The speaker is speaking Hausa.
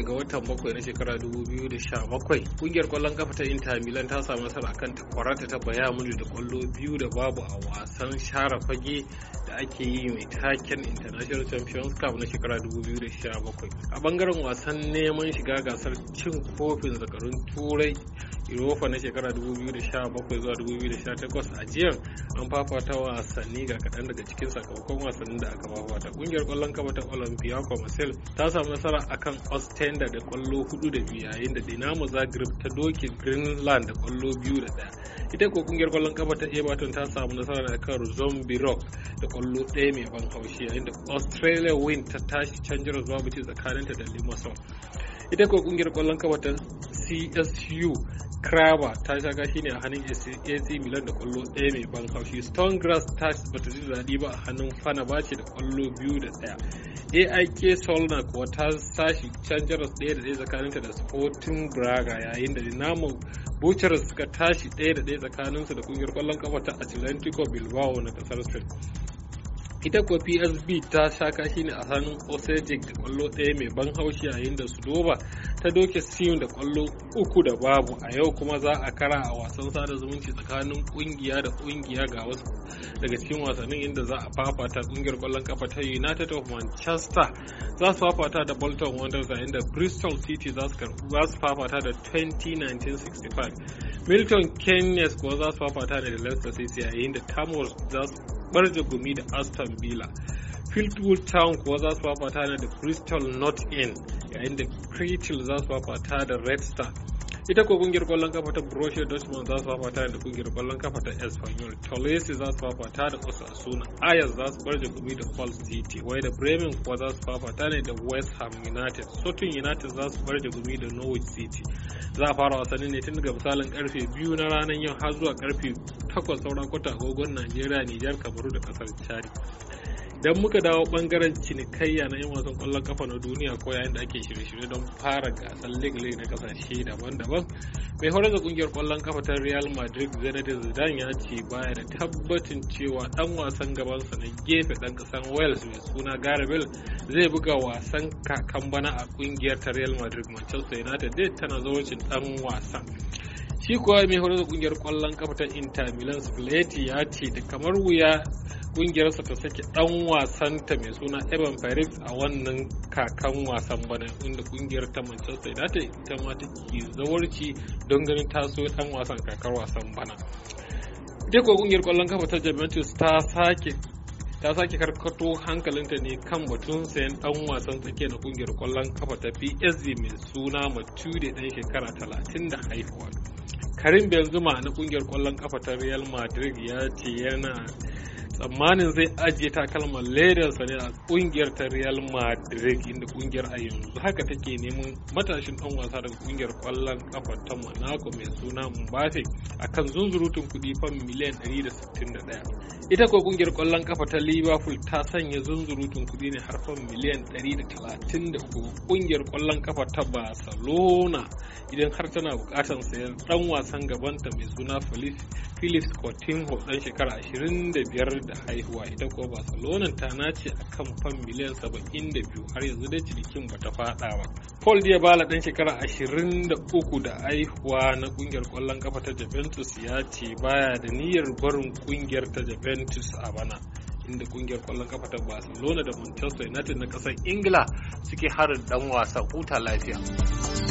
bakwai ga watan bakwai na shekara 2017 kungiyar kwallon kafa ta inter milan ta samu nasara akan takwarata ta baya muni da kwallo biyu da babu a wasan share fage da ake yi mai taken international champions cup na shekara 2017 a bangaren wasan neman shiga gasar cin kofin zakarun turai Europa na shekara 2017 zuwa 2018 ajiyar an fafata wasanni ga kaɗan daga cikin sakamakon wasannin da aka fafata kungiyar kwallon kafa ta Olympiacos Marseille ta samu nasara akan Ostenda da kwallo hudu da biyu yayin da Dinamo Zagreb ta doke Greenland da kwallo biyu da ɗaya ita ko kungiyar kwallon kafa ta Everton ta samu nasara da kan Zombie Rock da kwallo ɗaya mai ban haushi yayin da Australia Wind ta tashi canjin zuwa bici tsakaninta da Limassol ita ko kungiyar kwallon kafa ta CSU Krawa ta sha gashi ne a hannun AC Milan da kwallo ɗaya mai ban haushi. Stonegrass ta bata ji daɗi ba a hannun Fenerbahce da kwallo biyu da ɗaya. AIK Solna kuwa ta sashi can jaras ɗaya da ɗaya tsakaninta da Sporting Braga yayin da Dinamo Bucharest suka tashi ɗaya da ɗaya tsakaninsu da ƙungiyar kwallon kafa ta Atlantico Bilbao na kasar Spain. ita kuwa psb ta sha kashi ne a hannun osejik da kwallo ɗaya mai ban haushi yayin da su doba ta doke siyun da kwallo uku da babu a yau kuma za a kara a wasan sada zumunci tsakanin kungiya da kungiya ga wasu daga cikin wasannin inda za a fafata kungiyar kwallon kafa ta united of manchester za su fafata da bolton wanderers yayin da bristol city za su fafata da 2019-65 milton keynes kuwa za su fafata da leicester city yayin da tamworth za su barje gumi da aston villa fieldwood town kuwa za su fafata da crystal north end yayin da cretil za su fafata da red star ita ko kungiyar kwallon kafa ta Borussia Dortmund za su fafata da kungiyar kwallon kafa ta Espanyol Chelsea za su fafata da Osasuna Ajax za su barje gumi da Hull City wai da Bremen kuwa za su fafata ne da West Ham United Sutton United za su barje gumi da Norwich City za a fara wasanni ne tun daga misalin karfe biyu na ranar yau har zuwa karfe 8 sauran kwata agogon Najeriya Nijar Kamaru da kasar Chad dan muka dawo bangaren cinikayya na 'yan wasan kwallon kafa na duniya ko yayin da ake shirye-shirye don fara gasar league na kasashe daban-daban mai horar da kungiyar kwallon kafa ta real madrid zinedine zidane ya ce baya da tabbacin cewa dan wasan gabansa na gefe dan kasan wales mai suna garabel zai buga wasan kakan bana a kungiyar ta real madrid manchester united dai tana cin dan wasan shi kuwa mai horar da kungiyar kwallon kafa ta inter milan spalletti ya ce da kamar wuya kungiyarsa ta sake dan wasanta mai suna Evan Perez a wannan kakan wasan bana inda kungiyar ta Manchester United ita ma take zawarci don ganin taso dan wasan kakar wasan bana. dai kuwa kungiyar kwallon kafa ta Juventus ta sake ta sake karkato hankalinta ne kan batun sayan dan wasan tsakiya na kungiyar kwallon kafa ta PSG mai suna da dan shekara 30 da haihuwa. Karim Benzema na kungiyar kwallon kafa ta Real Madrid ya ce yana tsammanin zai ajiye takalman sa ne a kungiyar ta Real Madrid inda kungiyar a yanzu haka take neman matashin dan wasa daga kungiyar kwallon kafa ta Monaco mai suna Mbappe akan zunzurutun kuɗi fam miliyan 161. Ita ko kungiyar kwallon kafa ta Liverpool ta sanya zunzurutun kuɗi ne har fam miliyan 133 kungiyar kwallon kafa ta Barcelona idan har tana bukatar sayan dan wasan ta mai suna Felix Coutinho dan shekara 25 da haihuwa ita kuwa barcelona ta nace a kan fan miliyan 72 har yanzu dai cinikin ba ta fada ba paul diabala dan shekara 23 da haihuwa na kungiyar kwallon kafa ta juventus ya ce baya da niyyar barin kungiyar ta juventus a bana inda kungiyar kwallon kafa ta barcelona da manchester united na kasar ingila suke harin dan wasa huta lafiya